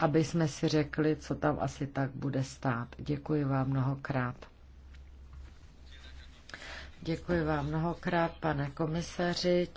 aby jsme si řekli, co tam asi tak bude stát. Děkuji vám mnohokrát. Děkuji vám mnohokrát, pane komisaři.